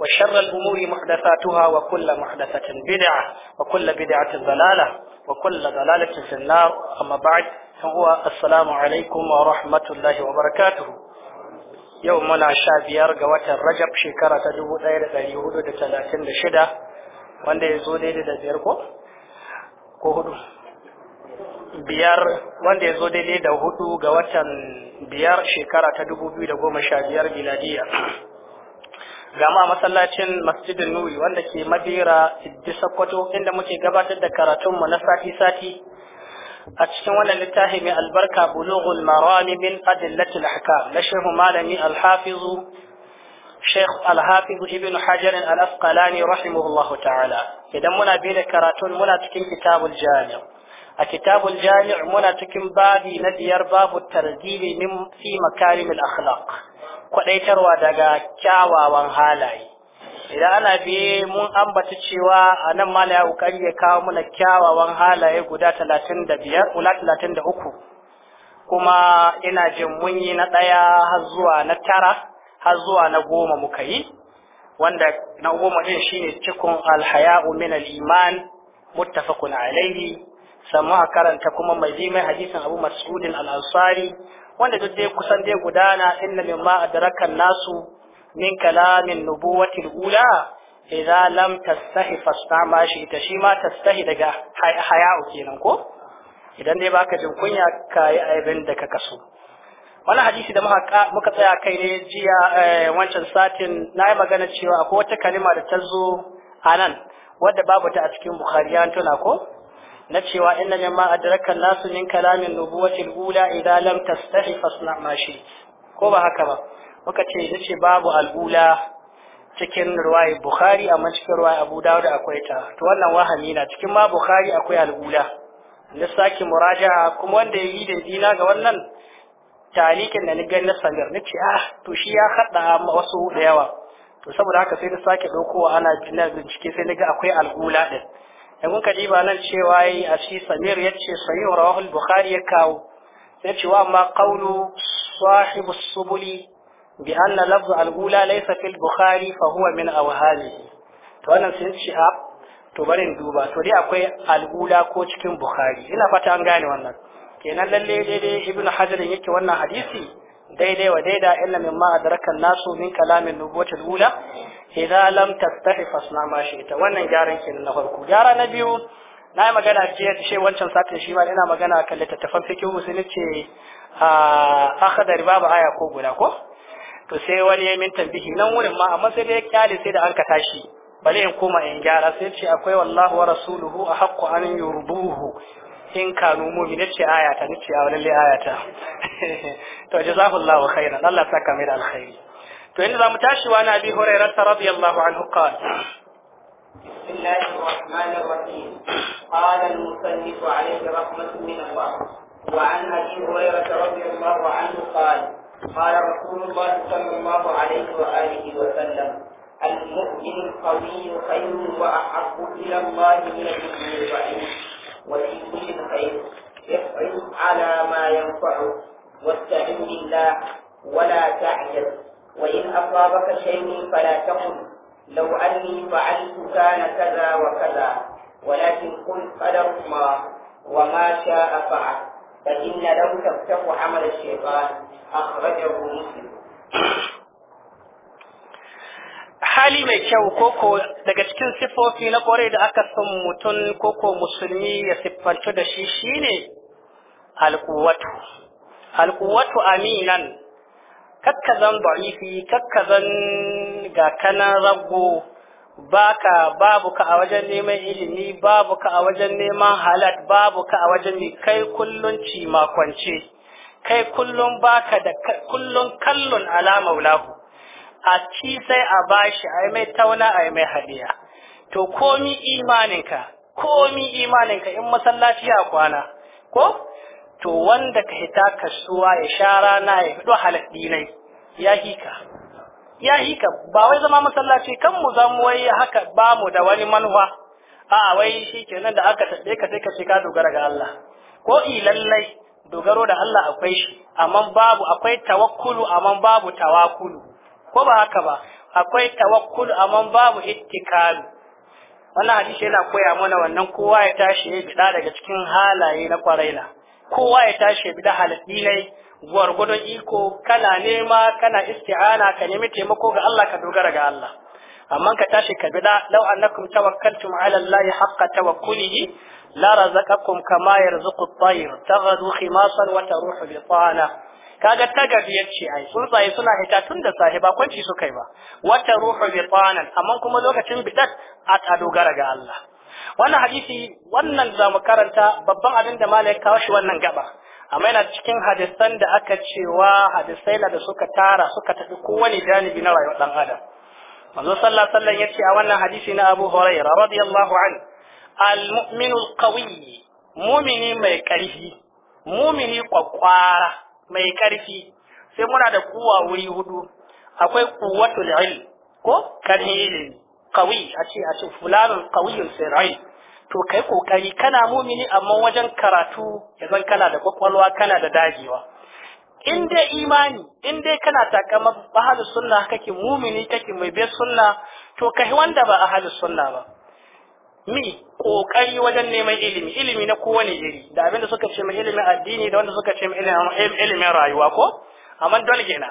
وشر الأمور محدثاتها وكل محدثة بدعة وكل بدعة ضلالة وكل ضلالة في النار أما بعد هو السلام عليكم ورحمة الله وبركاته يومنا شابيار قوات الرجب شكرة تدو دائرة اليهود تلاتين لشدة wanda ya zo daidai da biyar ko? ko hudu biyar wanda ya zo daidai da hudu ga watan biyar shekara ta dubu biyu da goma sha biyar miladiya gama masallacin masjidin nuri wanda ke madera siddi sokoto inda muke gabatar da karatunmu na sati-sati a cikin wannan littafi mai albarka bulughul marami min adillatul ahkam na shehu malami alhafizu sheikh alhafizu ibn hajar al-asqalani rahimahullahu ta'ala idan muna bi da karatun muna cikin kitabul jami' a kitabul jami' muna cikin babi na diyar babu targibi min kwadaitarwa daga kyawawan halaye idan ana biye mun ambata cewa a nan mala ya ya kawo mana kyawawan halaye guda talatin da biyar guda talatin da uku kuma ina jin mun yi na ɗaya har zuwa na tara har zuwa na goma muka yi wanda na goma shi shine cikin alhaya'u min al-iman muttafaqun alayhi sannan a karanta kuma mai bi mai hadisin Abu mas'udin al-Ansari wanda duk dai kusan dai gudana inna mimma adraka nasu min kalamin nubuwatil ula idza lam tastahi fastama shi ta shi ma tastahi daga haya'u kenan ko idan dai baka jin kunya kai abin da ka kaso wani hadisi da muka tsaya kai ne jiya eh, wancan satin na yi magana cewa akwai wata kalima da ta zo a nan wadda babu ta a cikin bukhari ya tuna ko na cewa inna mimma adraka nasu min kalamin nubuwati al-ula idza lam tastahi fasna ma shi ko ba haka ba muka ce yace babu al-ula cikin ruwayi bukhari amma cikin ruwayi abu dawud akwai ta to wannan wahami na cikin ma bukhari akwai al-ula da saki muraja'a kuma wanda ya da dina ga wannan talikin da ni gani na sangar nace ah to shi ya hada wasu da yawa to saboda haka sai na sake daukowa ana bincike sai na ga akwai al-ula din da kun nan cewa yi a shi samir ya ce sayin rawahul bukhari ya kawo sai wa amma kaulu sahibu subuli bi anna lafzu al'ula laysa fil bukhari fa huwa min awhamihi to wannan sai ce a to barin duba to dai akwai al'ula ko cikin bukhari ina fata an gane wannan kenan lalle daidai ibnu hajar yake wannan hadisi daidai wa daida illa ma adrakan nasu min kalamin nubuwati lula idza lam tastahi fasna ma ita wannan gyaran kenan na farko gyara na biyu na yi magana ce ce wancan satin shi ma ina magana kan littattafan fikihu musulun ce a akhadari babu aya ko guda ko to sai wani ya min tambihi nan wurin ma amma sai dai kyale sai da an ka tashi bale in koma in gyara sai ce akwai wallahu wa rasuluhu a haqqu an yurduhu in kanu mu mi nace ayata nace a wani ayata to jazakallahu khairan Allah saka mai alkhairi to inda zamu tashi wa Nabi Hurairah radiyallahu anhu qala Bismillahir Rahmanir Rahim qala al-musannif alayhi rahmatullahi min Allah wa an Abi Hurairah radiyallahu anhu qala قال رسول الله صلى الله عليه وآله وسلم المؤمن القوي خير وأحب إلى الله من المؤمن الضعيف والإنجيل الخير احرص على ما ينفعك واستعن بالله ولا تعجز وإن أصابك شيء فلا تقل لو أني فعلت كان كذا وكذا ولكن قل قدر الله وما شاء فعل فإن لم تفتح عمل الشيطان أخرجه مسلم hali mai kyau koko daga cikin sifofi na kwarai da aka san mutum koko musulmi ya siffantu da shi shine alkuwatu alkuwatu aminan kakkazan ba'ifi kakkazan ga kanan rago baka babu ka a wajen neman ilimi babu ka a wajen neman halat babu ka a wajen ne kai kullun ci makwance kai kullun baka da kullun kallon alama wulahu a ci sai a bashi a mai tauna a mai hadiya to komi imaninka komi imaninka in masallaci ya kwana ko to wanda ka hita kasuwa ya sha rana ya fito halatti ne ya hika ya hika ba wai zama masallaci kan mu zama wai haka ba mu da wani manufa a wai shi kenan da aka taɓe ka sai ka ce ka dogara ga Allah ko ilallai dogaro da Allah akwai shi amma babu akwai tawakkulu amma babu tawakulu ko ba haka ba akwai tawakkul amma babu ittikalu wannan hadisi yana koya mana wannan kowa ya tashi ya bida daga cikin halaye na kwaraina kowa ya tashi ya bida halatti ne gwargwadon iko kana nema kana isti'ana ka nemi taimako ga Allah ka dogara ga Allah amma ka tashi ka bida law annakum tawakkaltum ala Allah haqqa tawakkulihi la razaqakum kama yarzuqu at-tayr taghdu khimasan wa taruhu bi kaga tagab yace ai tsuntsaye suna hita tun da safe ba kwanci su kai ba wata ruhu tanan amma kuma lokacin bidat a dogara ga Allah wannan hadisi wannan za mu karanta babban abin da malai kawo shi wannan gaba amma yana cikin hadisan da aka cewa hadisai da suka tara suka tafi kowane janibi na rayuwar dan adam manzo sallallahu alaihi wasallam yace a wannan hadisi na Abu Hurairah radiyallahu an al-mu'minu al-qawi mu'mini mai karfi mu'mini kwakwara mai ƙarfi, sai muna da kuwa wuri hudu akwai kuwatul ilm ko karfi ilimi a ce a ce fulanun sai rai, to kai kokari kana mumini amma wajen karatu ya zan kana da kwakwalwa kana da dagewa in dai imani in dai kana takamar ahalus sunna kake mumini kake mai bai sunna to kai wanda ba halin sunna ba mi kokari wajen neman ilimi ilimi na kowane iri da abinda suka ce mai ilimin addini da wanda suka ce mai ilimin rayuwa ko amma dole na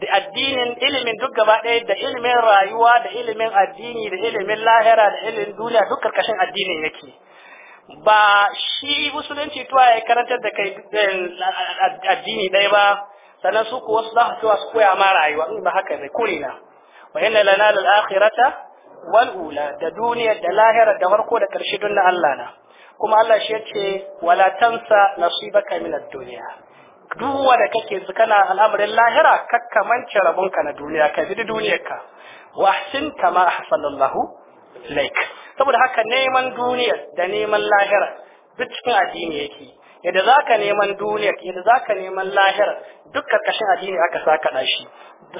da addinin ilimin duk gaba ɗaya da ilimin rayuwa da ilimin addini da ilimin lahira da ilimin duniya duk karkashin addinin yake ba shi musulunci tuwa ya karantar da kai eh, addini ɗaya ba sannan su kuwa su za su koya ma rayuwa in ba haka ne kure na wa inna lana akhirata Wal'ula da duniya da lahira da farko da karshe don na Allah na kuma Allah shi yace wala tansa nasibaka min ad-dunya duk wanda kake su kana al'amarin lahira kakkamance rabonka na duniya ka bi duniyarka wa ahsin kama ahsanallahu lak saboda haka neman duniya da neman lahira duk cikin addini yake yadda zaka neman duniya yadda zaka neman lahira duk karkashin addini aka saka dashi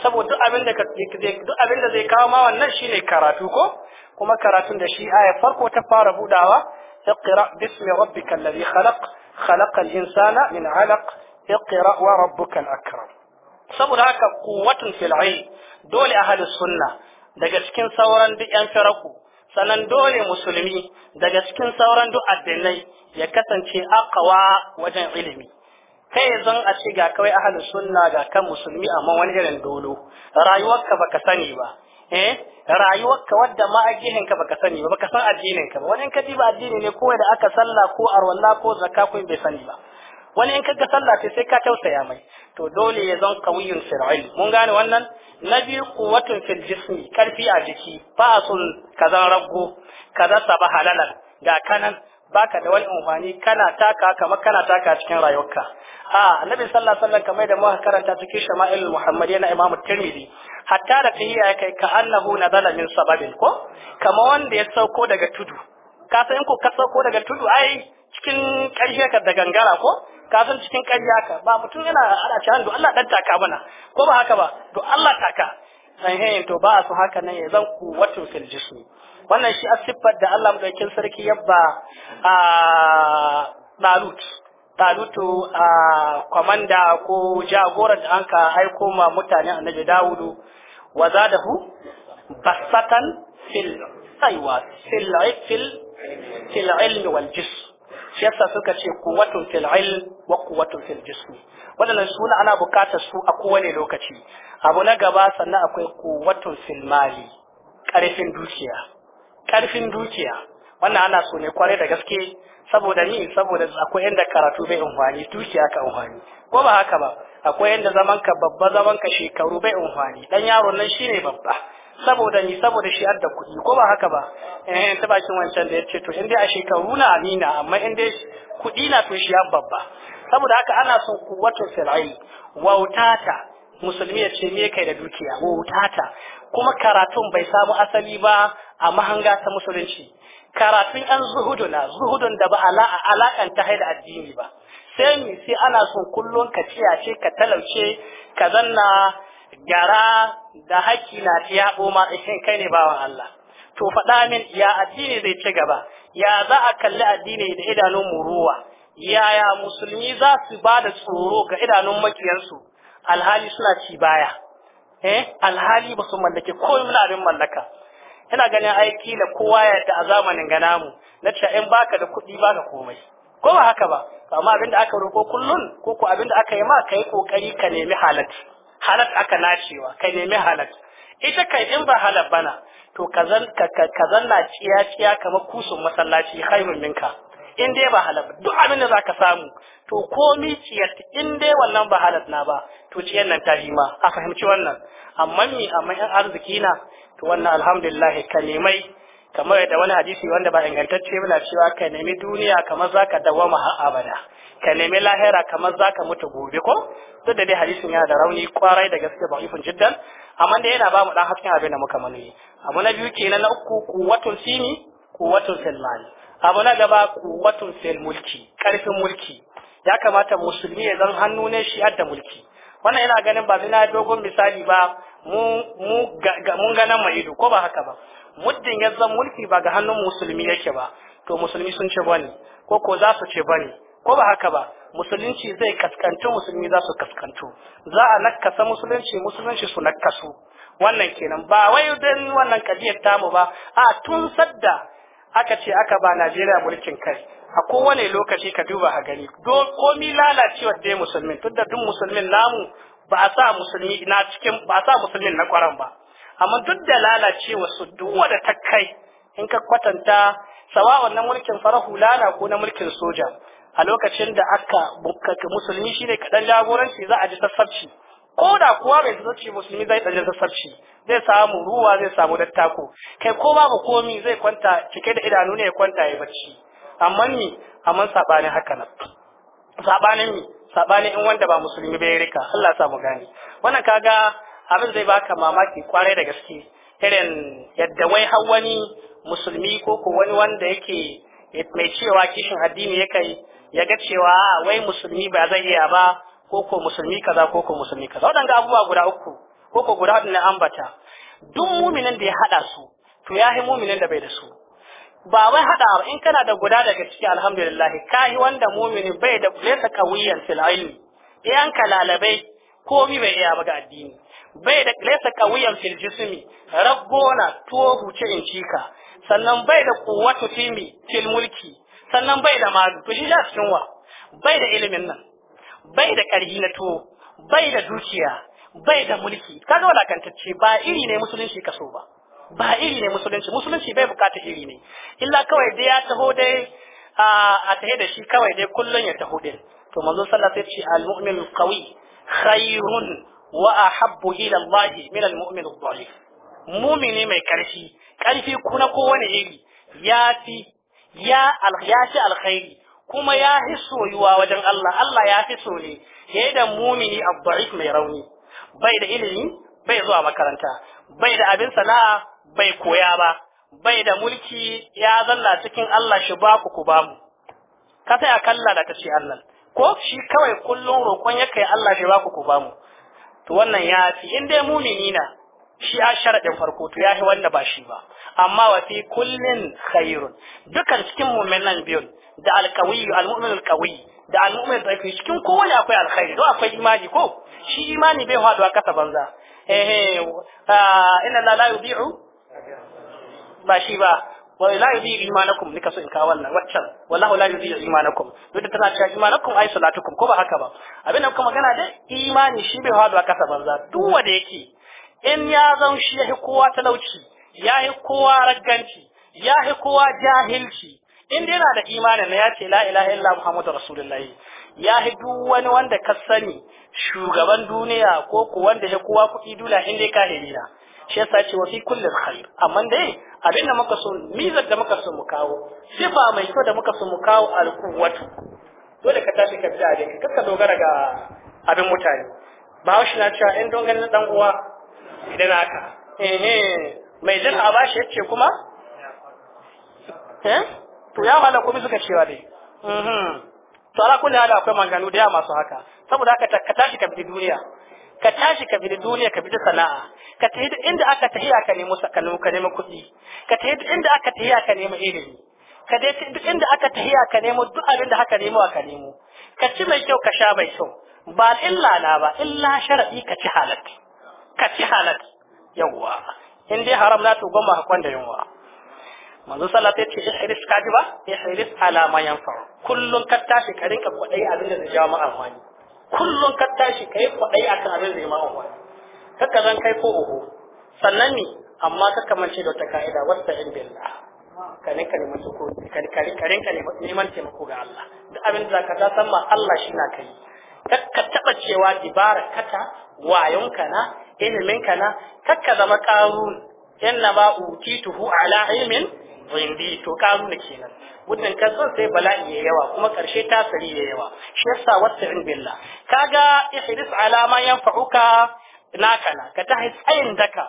saboda duk abin da duk abin da zai kawo ma wannan shine karatu ko kuma karatun da shi aya farko ta fara budawa iqra bismi rabbikal ladhi khalaq khalaqal insana min 'alaq iqra wa rabbukal akram saboda haka quwwatun fil dole ahlus sunna daga cikin sauran duk yan faraku sannan dole musulmi daga cikin sauran duk addinai ya kasance aqwa wajen ilimi kai zan a ce ga kawai ahalin sunna ga kan musulmi amma wani irin dolo rayuwarka baka sani ba eh rayuwarka wadda ma addinin ka baka sani ba baka san addinin ka ba wani in ka ji ba addini ne ko da aka sallah ko arwalla ko zakka ko bai sani ba wani in ga sallah ce sai ka tausaya mai to dole ya zan kawiyun fir'il mun gane wannan na biyu kuwatun fil jismi karfi a jiki fa asul kaza rago kaza saba halalan ga kanan baka da wani amfani kana taka kamar kana taka cikin rayuwarka a annabi sallallahu alaihi wasallam kamar da muka karanta cikin shama'il muhammadiyya na imamu tirmidhi hatta da ya kai ka annahu nazala min sababin ko kamar wanda ya sauko daga tudu ka san in ko ka sauko daga tudu ai cikin ƙarshe ka da gangara ko ka san cikin ƙarya ka ba mutum yana ana ci hannu Allah dan taka mana ko ba haka ba to Allah taka sahihin to ba su haka nan ya zan kuwatun fil jismi wannan shi siffar da Allah madaukin sarki yabba a Talut Talutu a komanda ko jagoran da an ka aiko ma mutane annabi Dawudu wa zadahu basatan fil aiwa fil fil fil ilmi wal jism shi yasa suka ce quwwatun fil ilm wa quwwatun fil jism wannan suna ana bukatar su a kowane lokaci abu na gaba sannan akwai quwwatun fil mali ƙarfin dukiya karfin dukiya wannan ana so ne kwarai da gaske saboda ni saboda akwai inda karatu bai umfani dukiya ka umfani ko ba haka ba akwai inda zaman ka babba zaman ka shekaru bai umfani dan yaro nan shine babba saboda ni saboda shi adda kuɗi ko ba haka ba eh ta bakin wancan da yace to in dai a shekaru na amina amma in dai kuɗi na to shi babba saboda haka ana son kuwatu fil ilm wautata musulmi ya ce me kai da dukiya wautata kuma karatun bai samu asali ba a mahanga ta musulunci karatun yan zuhudu zuhudun da ba alakan ta haida addini ba sai mi sai ana son kullum ka ciyace ka talauce ka zanna gara da haƙƙi na ya ma eh, ishin kai ne bawan Allah to faɗa min ya addini zai ci gaba ya za a kalli addini da idanun muruwa yaya musulmi za su ba da tsoro ga idanun makiyansu alhali suna ci baya eh alhali ba su mallake komai abin mallaka ina ganin aiki kila kowa ya da a zamanin ga namu na cewa in baka da kuɗi baka komai ko ba haka ba amma abin da aka roko kullun ko ko abin da aka yi ma kai kokari ka nemi halat halat aka nacewa ka nemi halat ita kai in ba halat bana to ka zanna ciya ciya kamar kusun masallaci khairun minka in dai ba halal ba duk abin da zaka samu to komi ciyar in dai wannan ba halal na ba to ciyar nan ta ma a fahimci wannan amma mi amma yan arziki na to wannan alhamdulillah kalimai kamar da wani hadisi wanda ba ingantacce ba cewa ka nemi duniya kamar zaka dawama har abada ka nemi lahira kamar zaka mutu gobe ko duk da dai hadisin yana da rauni kwarai da gaske ba ifin jiddan amma da yana ba mu dan hasken abin da muka mani abu na biyu kenan na uku kuwatul sini kuwatul filmani abu na gaba kuwatun fil mulki karfin mulki ya kamata musulmi ya zan hannu ne shi da mulki wannan yana ganin ba na dogon misali ba mun ganan mai ido ko ba haka ba muddin ya zan mulki ba ga hannun musulmi yake ba to musulmi sun ce bane ko ko za su ce bane ko ba haka ba musulunci zai kaskantu musulmi za su kaskanto za a nakasa musulunci musulunci su nakasu wannan kenan ba wai don wannan kadiyar tamu ba a tun sadda aka ce aka ba Najeriya mulkin kai a kowane lokaci ka duba a gani komi lalacewa dai musulmin tun da duk musulmin namu ba a sa musulmi na cikin ba a sa musulmin na kwaran ba amma duk da lalacewa su duk wanda ta in ka kwatanta sawa wannan mulkin farahu lana ko na mulkin soja a lokacin da aka bukkaka musulmi shine kaɗan jagoranci za a ji sassarci ko da kuwa bai sassarci musulmi zai ɗan sassarci zai samu ruwa zai samu dattako kai ko babu komi zai kwanta cike da idanu ne ya kwanta ya bacci amma ni amma sabanin haka nan sabanin ni sabani in wanda ba musulmi bai rika Allah ya mu gani wannan kaga abin zai baka mamaki kwarai da gaske irin yadda wai har wani musulmi ko ko wani wanda yake mai cewa kishin addini ya kai ya ga cewa wai musulmi ba zai iya ba ko ko musulmi kaza ko ko musulmi kaza waɗanda abubuwa guda uku ko ko guda na ambata duk muminin da ya haɗa su to ya yi muminin da bai da su ba wai hada ba in kana da guda daga ciki alhamdulillah kahi wanda mumini bai da laysa qawiyan fil ilmi yan kalalabai komi bai iya ba ga addini bai da laysa qawiyan fil jismi rabbona to huce in cika sannan bai da quwwatu timi fil mulki sannan bai da malu to shi cikin wa bai da ilimin nan bai da ƙarfi na to bai da zuciya. bai da mulki kaga walakantacce ba iri ne musulunci kaso ba ba iri ne musulunci musulunci bai bukata iri ne illa kawai dai ya taho dai a tahe da shi kawai dai kullun ya taho dai to manzo sallallahu alaihi wasallam al-mu'min qawi khairun wa ahabbu ila Allah min al-mu'min adh-dhalif mu'mini mai karfi karfi kuna kowane iri ya fi alkhairi kuma ya soyuwa wajen Allah Allah ya fi so ne yayin da mu'mini adh mai rauni bai da ilimi bai zuwa makaranta bai da abin sana'a bai koya ba bai da mulki ya zalla cikin Allah shi ba ku ku ba mu ka taya kalla da ta Allah ko shi kawai kullum roƙon ya kai Allah shi ba ku ku ba mu to wannan ya fi in dai mumini na shi a sharaɗin farko to yi wanda ba shi ba amma wa fi kullin khairun dukan cikin mu'minan biyun da alqawi almu'min alqawi da almu'min da cikin kowane akwai alkhairi to akwai imani ko shi imani bai haɗuwa kasa banza eh, eh, ah, la la ba shi ba la imanakum in ka wannan waccan la imanakum duk da tana cewa imanakum ai salatukum ko ba haka ba abin da kuma magana da imani shi bai haɗuwa kasa banza duk wanda yake in ya zan shi ya kowa talauci ya kowa ragganci ya kowa jahilci in dai yana da imanin na ya ce la ilaha illa muhammadu rasulullahi ya yi duk wani wanda ka sani shugaban duniya ko ku wanda ya kowa kuɗi dula in dai kahiri na shi yasa ce wa fi kulli khair amma dai abin da muka so mizar da muka so mu kawo sifa mai kyau da muka so mu kawo alkuwatu dole ka tashi ka bi abin ka dogara ga abin mutane ba shi na cewa in don ganin dan uwa idan haka mai jin a bashi yace kuma eh? to ya wala kuma suka cewa dai to ala kulli hali akwai manganu da yawa masu haka saboda haka ka tashi ka bi duniya ka tashi ka fita duniya ka fita sana'a ka tafi duk inda aka tafi aka nemo sakalo ka nemi kuɗi ka tafi duk inda aka tafi aka nemi ilimi ka dai duk inda aka tafi aka nemo duk abin da aka nemo aka nemo ka ci mai kyau ka sha mai kyau ba illa na ba illa shar'i ka ci halal ka ci halat yawwa in dai haram na to goma hakon da yunwa manzo sallah ta ce ihris kaji ba ihris ala ma yanfa kullun ka tashi ka rinka kwadai abin da zai jawo ma amfani kullun ka tashi kai kwadai akan abin da zai ma amfani kaka zan kai ko oho sannan ni amma kaka mance da wata ka'ida wasta in billah kare kare masu ko ka kare neman taimako ga Allah duk abin da ka san ma Allah shi na kai kakka taba cewa dibara kata wayonka na. ilimin kana takka zama qarun inna ma utituhu ala ilmin indi to qarun kenan wannan kasan sai bala'i ya yawa kuma karshe tasiri ya yawa shi yasa wasta'in ka kaga ihris ala ma yanfa'uka nakana ka ta haifayin daka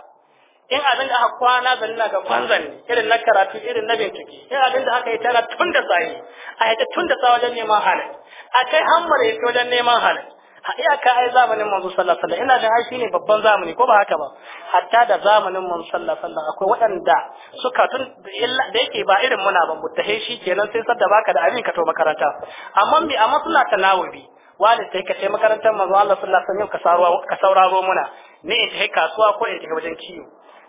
in abin da aka kwana zanna ga kwanzan irin na karatu irin na bincike in abin da aka yi tana tun da tsaye a ta tun da tsaye neman halin a kai hammar ya wajen neman halin iyaka ai zamanin manzo sallallahu alaihi wasallam ina da shi ne babban zamani ko ba haka ba hatta da zamanin manzo sallallahu alaihi wasallam akwai waɗanda suka tun da yake ba irin muna ba mutahe shi kenan sai sadda baka da abin ka to makaranta amma bi amma suna tanawubi wani sai ka ce makarantar manzo Allah sallallahu alaihi wasallam ka sauraro muna ne in tafi kasuwa ko in tafi wajen kiyo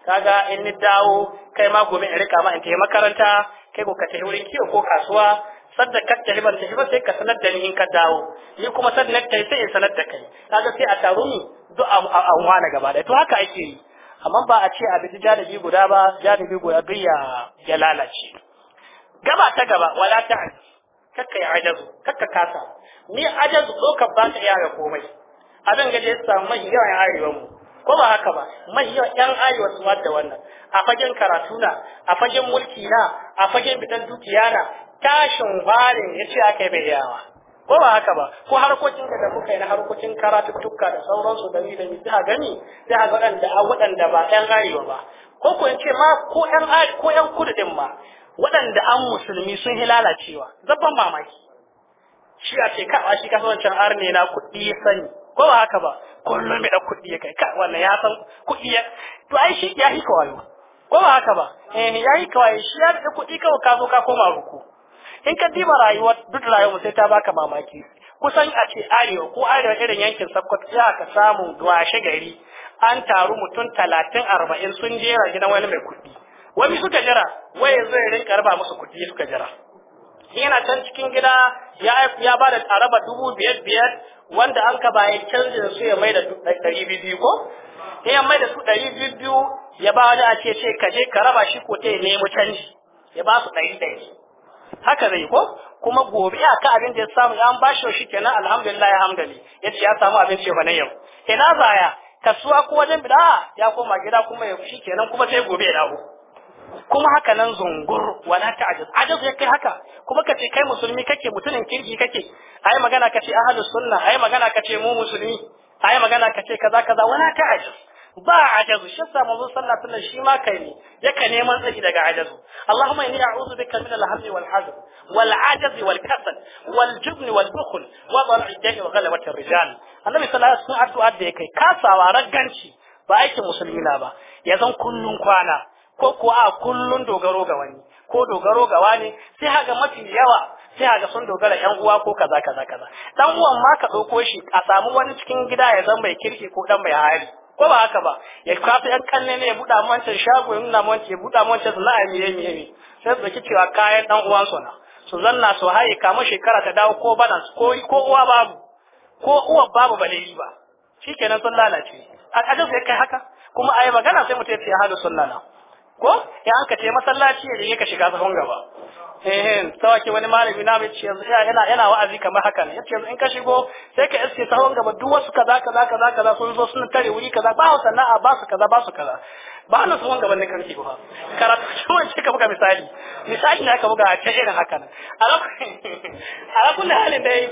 kaga in ni dawo kai ma gobe in rika ma in tafi makaranta kai ko ka tafi wurin kiwo ko kasuwa sadda ka tafi ta shi ba sai ka sanar da ni in ka dawo ni kuma sadda na sai in sanar da kai kaga sai a taru ni duk a wani gaba da to haka ake yi amma ba a ce a bi janibi guda ba janibi guda biya ya lalace gaba ta gaba wala ta kakka ya ajazu kakka kasa ni ajazu ka ba ta yaya komai abin gaje ya samu mai yawan arewa mu ko ba haka ba mai yawan yan arewa su da wannan a fagen karatu na a fagen mulki na a fagen bitan dukiya na tashin warin ya ce ake yi bai yawa ko ba haka ba ko harkokin da muka yi na harkokin karatuttuka da sauransu da da mi ta gani da waɗanda a waɗanda ba ɗan arewa ba ko ko in ce ma ko ɗan ko ɗan kudu ɗin ma waɗanda an musulmi sun yi lalacewa zabban mamaki shi a ce ka shi kasuwancin arne na kuɗi ya sani ko ba haka ba kullum mai ɗan kuɗi ya kai wannan ya san kuɗi ya to ai shi ya yi kawai ko ba haka ba eh ya yi kawai shi ya da kuɗi kawai ka zo ka koma ruku in ka dima rayuwar duk rayuwar sai ta baka mamaki kusan a ce arewa ko arewa irin yankin sakkwato za ka samu washe gari an taru mutum talatin arba'in sun jera gidan wani mai kuɗi wani suka jira waye zai rinka raba musu kuɗi suka jira yana can cikin gida ya ba da araba dubu biyar biyar wanda an ka bayan canjin su ya mai da ɗari biyu ko ya mai da su ɗari biyu ya ba wani a ce ce ka je ka raba shi ko ta nemo canji ya ba su ɗari ɗari haka zai ko kuma gobe a ka abin da ya samu an bashi shi kenan alhamdulillah ya hamdali ce ya samu abin ce bane yau ina zaya? kasuwa ko wajen bida ah, ya koma gida kuma ya shi kenan kuma sai gobe ya dawo kuma haka nan zungur wala ta'jaz ajaz ya kai haka kuma ka ce kai musulmi kake mutumin kirki kake ai magana kace ahlus sunna ai magana kace mu musulmi ai magana kace kaza kaza wala ta'jaz ba ajazu shi sa manzo sallallahu alaihi shi ma kai ne yaka neman tsaki daga ajazu Allahumma inni a'udhu bika min al-hammi wal hazn wal ajzi wal kasal wal jubn wal bukhl wa wa ar-rijal annabi sallallahu alaihi wasallam addu'a da yake kasawa ragganci ba aikin musulmi na ba ya zan kullun kwana ko kuwa a kullun dogaro ga wani ko dogaro ga wani sai haga mafi yawa sai haga sun dogara yan uwa ko kaza kaza kaza dan uwan ma ka dauko shi a samu wani cikin gida ya zan mai kirki ko dan mai hali ko ba haka ba ya kafa yan kalle ne ya buɗa mancan shago ya nuna ya buɗa mancan su la'a miye miye miye sai su cewa kayan ɗan uwan su na su zanna su haye kama shekara ta dawo ko balance ko ko uwa babu ko uwa babu ba dai ba shikenan sun lalace a ajin sai kai haka kuma a magana sai mutum ya ce hadu sun lalace ko ya aka ce masallaci ya je ka shiga tsohon gaba eh sawaki wani malami na bai ce yana yana wa'azi kamar haka ne yace in ka shigo sai ka iske tsohon gaba duk wasu kaza kaza kaza kaza sun zo sun tare wuri kaza ba wa sana'a ba su kaza ba su kaza ba na tsohon gaban ne karfi ba karatu ciwon ce ka buga misali misali ne ka buga ta irin haka nan a halin dai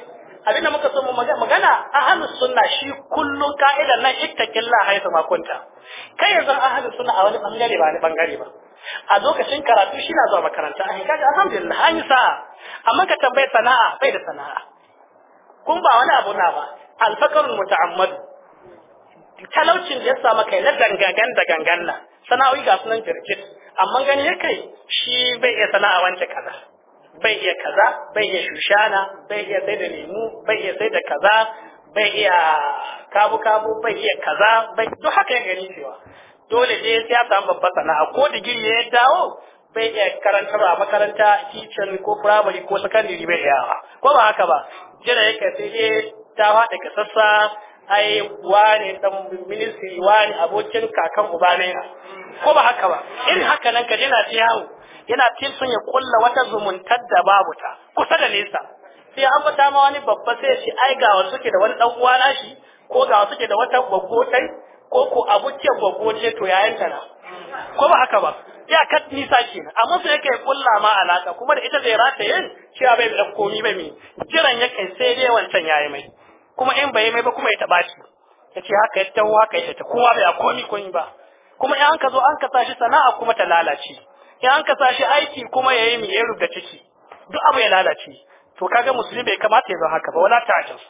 abinda muka so mu magana ahlus sunna shi kullum ka'idan nan ittaqilla haythu ma kunta kai yanzu ahlus suna a wani bangare ba ni bangare ba a lokacin karatu shi na zuwa makaranta a kaga alhamdulillah an yi sa'a amma ka tambayi sana'a bai da sana'a kun ba wani abu na ba alfakarun muta'ammadu talaucin da ya samu kai na dangagan da gangan na sana'o'i ga sunan jirgin amma gani ya kai shi bai iya sana'a wancan kaza bai iya kaza bai iya shushana bai iya sai da lemu bai iya sai da kaza bai iya kabu kabu bai iya kaza bai duk haka ya gani cewa dole ne sai ya samu babbar sana'a ko digiri ya dawo bai iya ba makaranta teacher ko primary ko secondary bai iya ko ba haka ba jira yake sai dai ta faɗa ka sassa ai wani dan ministry wani abokin kakan uba ne ko ba haka ba in haka nan ka je na ta yawo yana tilsun ya kulla wata zumuntar da babu ta kusa da nesa sai an fata ma wani babba sai shi ai ga wasu ke da wani dan uwa nashi ko ga wasu ke da wata gwaggotai ko ko ke gwaggoce to yayin ta na ko ba haka ba ya kat nisa kenan amma sai yake kulla ma alaka kuma da ita zai rata yin a bai da komi ba mi jiran yake sai dai wancan yayi mai kuma in bai mai ba kuma ya taba shi yace haka ya tawo haka ya ta kowa bai komi komi ba kuma in an ka zo an ka tashi sana'a kuma ta lalace in an ka sashi aiki kuma ya yi mai da ciki duk abu ya lalace to kaga musulmi bai kamata ya zo haka ba wala ta'ajjus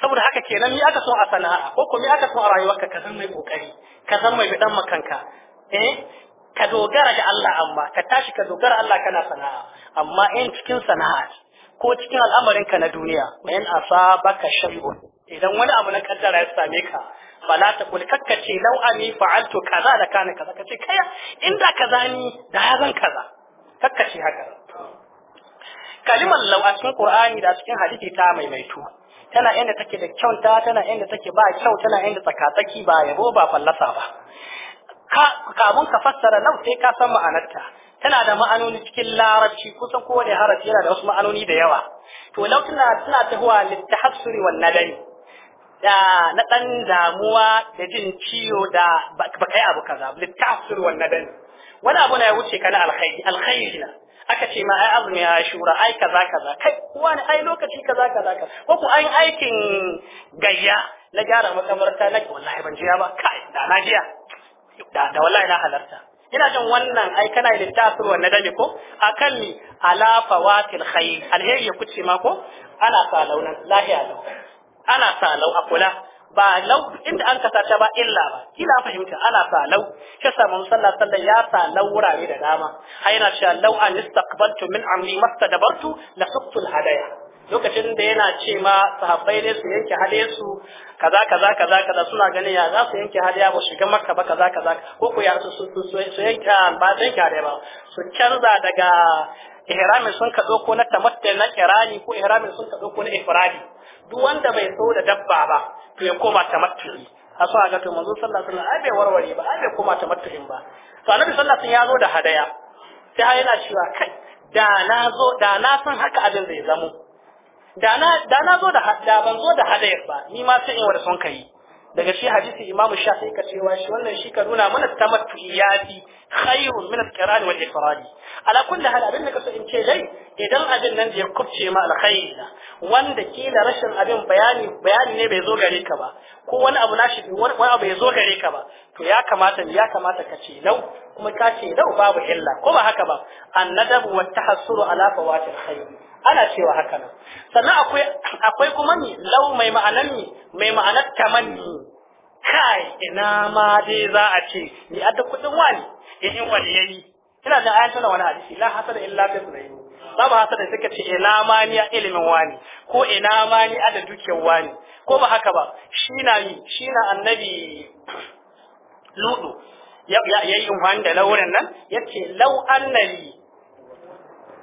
saboda haka kenan ni aka so a sana'a ko kuma aka so a rayuwarka ka san mai kokari ka san mai bidan makanka eh ka dogara ga Allah amma ka tashi ka dogara Allah kana sana'a amma in cikin sana'a ko cikin al'amarin ka na duniya wa in asabaka shay'un idan wani abu na kaddara ya same ka fala ta kul kakkace law ani fa'altu kaza da kana kaza kace kai inda kaza ni da ya zan kaza kakkace haka kalimar law a cikin qur'ani da cikin hadisi ta maimaitu tana inda take da kyauta tana inda take ba kyau tana inda tsakatsaki ba yabo ba fallasa ba Ka ka fassara lau sai ka san ma'anarta tana da ma'anoni cikin larabci kusan kowane harafi yana da wasu ma'anoni da yawa to lau tana tana tahuwa littahasuri wan nadani da na ɗan damuwa da jin ciwo da ba kai abu kaza littafsir wannan dan wani abu na ya wuce kana alkhairi alkhairi na aka ce ma ai azumi ya shura ai kaza kaza kai kuwa ne ai lokaci kaza kaza kaza ko ku ai aikin gayya na gyara makamarta na wallahi ban jiya ba kai da na jiya da da wallahi na halarta ina jin wannan ai kana littafsir wannan dan ko akan ni ala fawatil khair alheri ya kuce ma ko ana sa launan lahiya lau ana salau a kula ba lau inda an kasa ta ba illa ba kila fahimta ana salau shi sa mun sallah sallah ya salau wurare da dama ai yana cewa law an istaqbaltu min amri mastadbartu la suqtu al hadaya lokacin da yana ce ma sahabbai ne su yanke hade su kaza kaza kaza kaza suna ganin ya za su yanke hade ba shiga makka ba kaza kaza ko ku ya su su su yanke ah, ba su yanke hade ba su canza daga ihramin sun ka ko na tamatta na irani ko ihramin sun ka ko na ifradi duk wanda bai so da dabba ba to ya koma tamattu'i a so a ga to manzo sallallahu alaihi wasallam ai bai warware ba ai bai koma tamattu'in ba to annabi sallallahu alaihi wasallam ya zo da hadaya sai har yana cewa kai da na zo da na san haka abin zai zamo da na da na zo da hadda ban zo da hadayar ba ni ma sai in wada son kai daga shi hadisi imamu shafi ka cewa shi wannan shi ka nuna mana tamattu'i yafi Kairu, min al-qiran wal ifrad ala kulli hal abin da kaso in ce dai idan abin nan da ya kubce ma alkhairi wanda kina rashin abin bayani ne bai zo gare ka ba ko wani abu nashi wani abu bai zo gare ka ba to ya kamata ya ka ce lau kuma ka ce lau babu illa ko ba haka ba annadabu wa tahassuru ala fawati alkhair ana cewa haka nan sannan akwai akwai kuma ni lau mai ma'anar ni mai ma'anar kai ina ma dai za a ce ni adda kudin wani in yi wani yi. ina da ayatun wani hadisi la hasada illa fi sunayni babu hasada suka ce ina ma ni a ilimin wani ko ina ma ni da dukiyar wani ko ba haka ba shi na yi shi na annabi ludo ya yi wani da laurin nan ya ce lau annali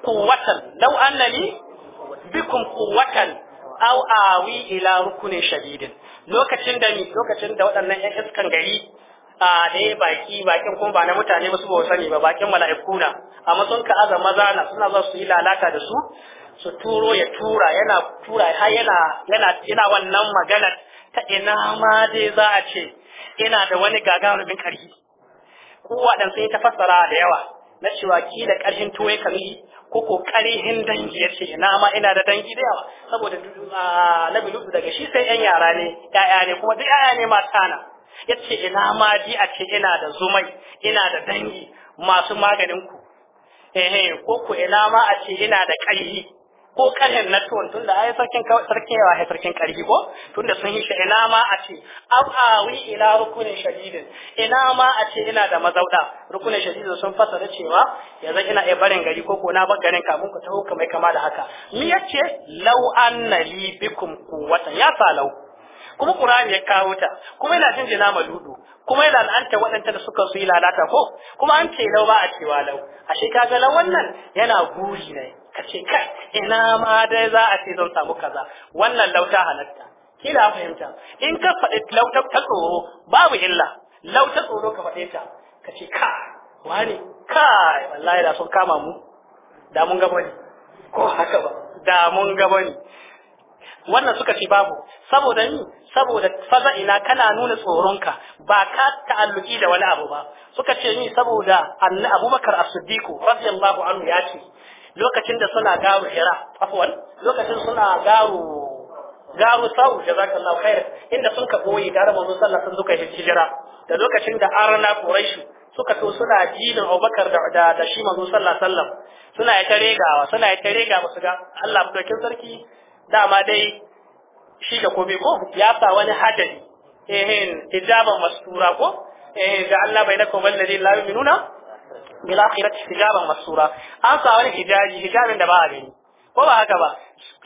kuwatan lau annali bikum kuwatan au awi ila rukunin shadidin lokacin da lokacin da waɗannan ƴan iskan gari a da ya baki bakin kuma ba na mutane ba su ba sani ba bakin mala'iku na amma sun ka azama zana, suna za su yi lalata da su su turo ya tura yana tura har yana yana yana wannan magana ta ina ma dai za a ce ina da wani gagarumin ƙarfi. ko waɗansu sai ta fassara da yawa na cewa kila ƙarhin tuwai kamili ko ko ƙarihin dangi ya ce ina ma ina da dangi da yawa saboda ah, na bilutu daga shi sai yan yara ne ya'ya ne kuma duk ya'ya ne mata na ya ce ina ma ji a ce ina da zumai ina da dangi masu maganin ku eh ko ko ina ma a ce ina da ƙarhi ko karhen na tuwon tun da ai sarkin sarkin yawa sarkin karfi ko tun da sun yi shi ina ma a ce abawi ila rukunin shadidin ina ma a ce ina da mazauda rukunin shadidin sun fasara cewa yanzu ina iya barin gari ko ko na bar garin kamun ku taho kamar kama da haka mi yace law anna li bikum quwwatan ya salau kuma qur'ani ya kawo ta kuma ina jin jina maludu kuma yana al'anta waɗanda da suka su yi lalata ko kuma an ce lau a cewa lau ashe kaga lau wannan yana guri ne ka ce kai ina ma dai za a ce zan samu kaza wannan lauta halatta kila fahimta in ka faɗi lauta ta tsoro babu illa lauta tsoro ka faɗe ta ka ce ka wani kai wallahi da sun kama mu da mun ga bane ko haka ba da mun ga bane wannan suka ce babu saboda ni saboda faza'ina kana nuna tsoronka ba ka ta'alluki da wani abu ba suka ce ni saboda annabi Abubakar As-Siddiq radiyallahu anhu ya ce lokacin da suna garu hira afwan lokacin suna garu garu sau jazakallahu khair inda sun ka boye gara manzo sallallahu sun duka hijira da lokacin da arna quraishu suka to suna jinin Abubakar da da shi manzo sallallahu sallam suna ya taregawa suna ya tarega musu ga Allah dokin sarki dama dai shi da kobe ko ya fa wani hadari ehin ijaban mastura ko eh da Allah bai da kuma alladhi la yu'minuna bil akhirati hijaban masura an sa wani hijabi hijabin da ba a gani ko ba haka ba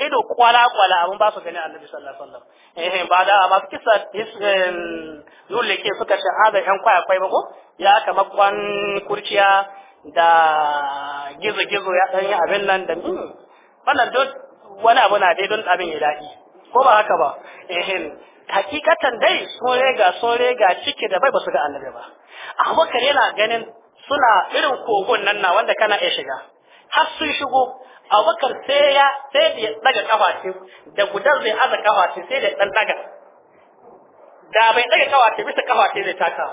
ido kwala kwala abun ba su gani annabi sallallahu alaihi wasallam eh ba da masu kisa eh, dole ke suka shahada yan kwaya kwai ba ko ya kama kwan kurciya da gizo gizo ya dan yi abin nan da hmm, wannan duk wani abu na dai don abin ya daɗi ko ba haka ba eh hakikatan dai sore ga sore ga ciki da bai ba su ga annabi ba kare yana ganin suna irin kogon nan na wanda kana iya shiga har sun shigo abubakar sai ya sai da ya daga kafa da gudar zai aza kafa sai da dan daga da bai daga kafa bisa kafa ce zai taka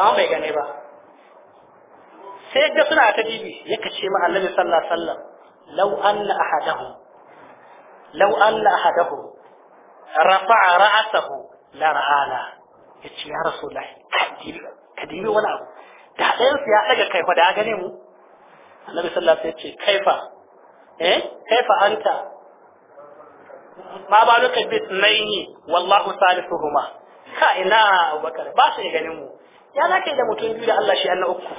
amma bai gane ba sai ga suna ta bibi ya kace ma annabi sallallahu alaihi wasallam law anna ahadahum law anna ahadahum rafa'a ra'sahu la ra'ana yace ya rasulullahi kadiri kadiri wani abu da ɗayan su ya daga kai fa da ya gane mu annabi sallallahu alaihi wasallam ya ce kaifa eh kaifa anta ma ba lokacin bit ni. wallahu salisuhuma ka ina abubakar ba su gane mu ya zaka da mutum biyu da Allah shi Allah uku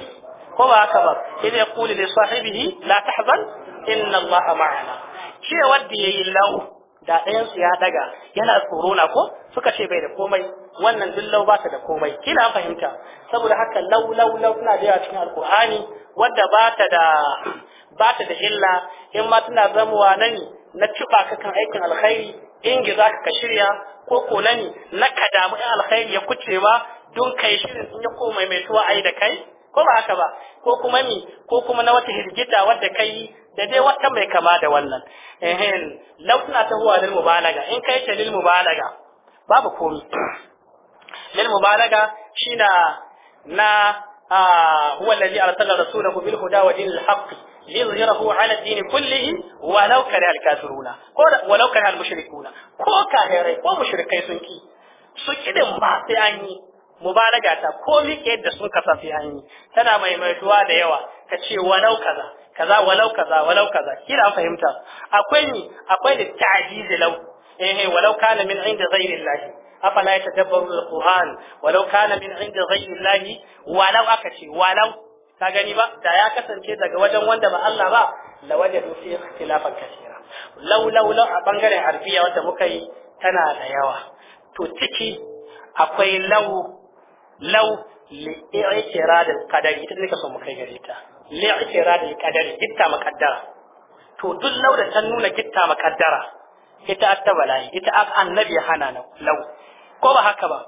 ko ba haka ba idan ya kuli da sahibihi la tahzan inna Allah ma'ana cewa da yayi lau da ɗayan su ya daga yana tsoro na ko suka ce bai da komai wannan dillau baka da komai kina fahimta saboda haka lau lau lau tana da cikin alqur'ani wadda bata da bata da illa in ma tana zamuwa nani na tuba ka kan aikin alkhairi in giza ka ka shirya ko ko nani na ka damu in alkhairi ya kucewa don kai shirin in ya komai mai tuwa ai da kai ko ba haka ba ko kuma mi ko kuma na wata hirgita wadda kai da dai wata mai kama da wannan ehin lau tana tahowa lil mubalaga in kai ta lil mubalaga babu komi lil mubalaga shina na huwa allazi arsala rasulahu bil huda wa dinil haqq liyuzhirahu ala ad-din kullihi walau al-kafiruna ko walau kariha al-mushrikuna ko kafirai ko mushrikai sun ki su kidin ba sai an yi mubalaga ta ko mike yadda sun kasa sai an tana maimaituwa da yawa ka ce walau kaza kaza walau kaza fahimta akwai ni akwai da ta'jiz eh, eh, min afala ya tadabbaru alquran walau kana min inda ghayrillahi walau aka ce walau ka gani ba da ya kasance daga wajen wanda ba Allah ba la wajadu fi ikhtilafan kaseera law law law a bangaren arfiya wanda muka yi tana da yawa to ciki akwai law law li'irad al-qadar ita kaso ta to duk law da ta nuna gitta makaddara ita at-tabala ita annabi hana lau ko ba haka ba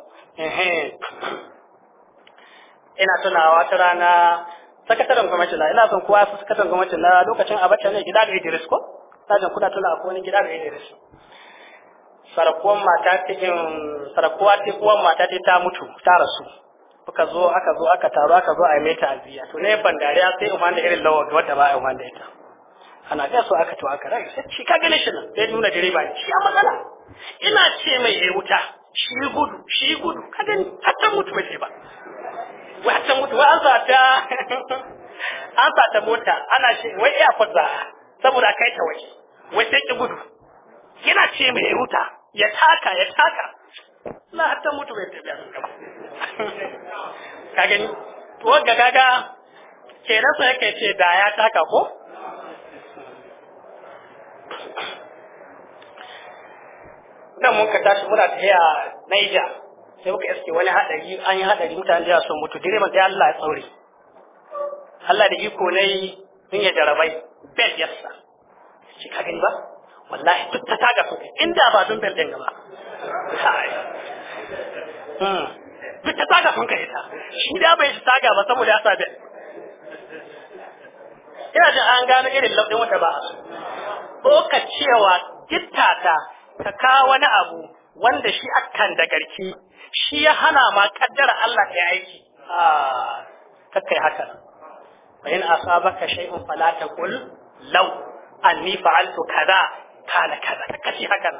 ina tunawa ta rana sakataren gwamnati na ina son kowa su sakataren gwamnati na lokacin abacha ne gida da Idris ko Sajan kuna tuna a wani gida da Idris sarakuwan mata ta in sarakuwa ta uwan mata ta ta mutu ta rasu aka zo aka zo aka taro aka zo a yi ta aziya to ne ban dariya sai in wanda irin lawa wadda ba a wanda ita ana ga so aka to aka rai shi ka gane shi nan sai nuna direba ne shi a matsala ina ce mai wuta shi gudu shi gudu kadan hatan mutu bai ba wai hatan mutu wai an ta. an ta mota ana shi wai iya fadza saboda kai ta waje wai sai ki gudu kina ce mai huta ya taka ya taka na hatan mutu bai tafiya ka gani to ga gaga ke rasa yake ce da ya taka ko nan mun ka tashi muna tafiya Niger sai muka iske wani hadari an yi hadari mutane da su mutu direban da Allah ya tsaure Allah da iko ne sun ya jarabai bel yassa shi ka gani ba wallahi duk ta taga su inda ba dun bel din ba hmm. duk ta taga sun kai ta shi da bai shi taga ba saboda ya sa bel ina jin an gano irin lauɗin wata ba ko ka cewa gittata ka kawo wani abu wanda shi akan da garki shi ya hana ma ƙaddara Allah ya aiki a ah, kai haka fa in asabaka shay'un fala taqul law anni fa'altu kaza kana kaza kashi haka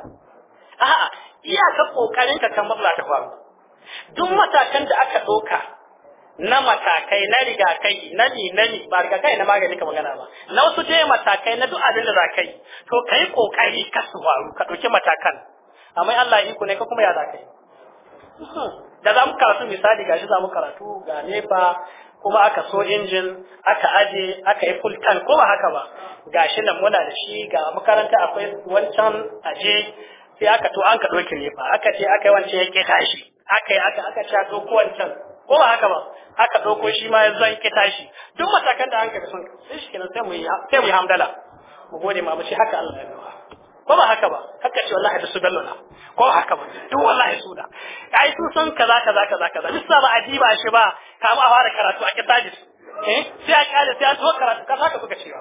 a'a ka kokarin ka kan ta faru duk matakan da aka ɗauka na matakai na rigakai na ni. ba rigakai na magani ka magana ba na wasu dai matakai na duk abin da za kai to kai kokari ka su faru ka ɗauki matakan amma Allah ya iko ne ka kuma ya za kai da za mu karatu misali gashi za mu karatu ga nefa kuma aka so injin aka aje aka yi full tank ko ba haka ba gashi nan muna da shi ga makaranta akwai wancan aje sai aka to an ka ɗauki nefa aka ce aka yi wancan ya ƙeta shi aka yi aka aka ce a ɗauko wancan ko ba haka ba aka ɗauko shi ma yanzu zan kita shi duk matakan da an ka sun sai shi kenan sai mu yi sai mu yi hamdala mu gode ma ba shi haka Allah ya kawo ko ba haka ba haka ce wallahi da su bello na ko ba haka ba duk wallahi su da ai sun san kaza kaza kaza kaza bisa ba a adiba shi ba ka ba fara karatu a kitajis eh sai a kare sai a zo karatu kaza ka buga cewa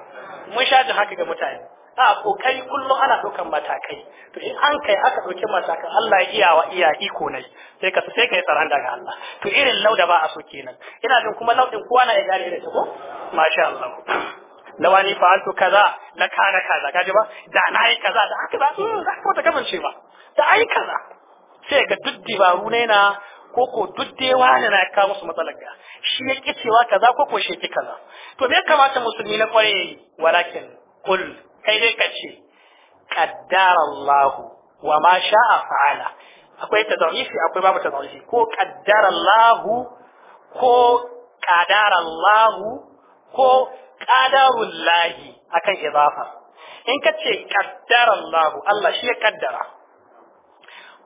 mun sha haka ga mutane a kokari kullum ana ɗaukan matakai to in an kai aka ɗauki matakan Allah ya iya wa iya iko ne sai ka sai kai tsaran daga Allah to irin lauda ba a so kenan ina jin kuma laudin kowa na ya gane da ko masha Allah lawani fa'altu kaza na kana kaza kaji ba da na yi kaza da haka ba hmm, za ka ta kamance ba da ai kaza sai ga duddi ba ne na ko ko dudde wa ne na ka musu matsalar ga shi ya kicewa kaza ko ko shi kaza to me kamata musulmi na kware walakin kul kai dai ka ce qaddara wa ma sha'a fa'ala akwai tadawisi akwai babu tadawisi ko qaddara ko qadara ko qadarullahi akan idafa in ka ce qaddara Allah shi ya kaddara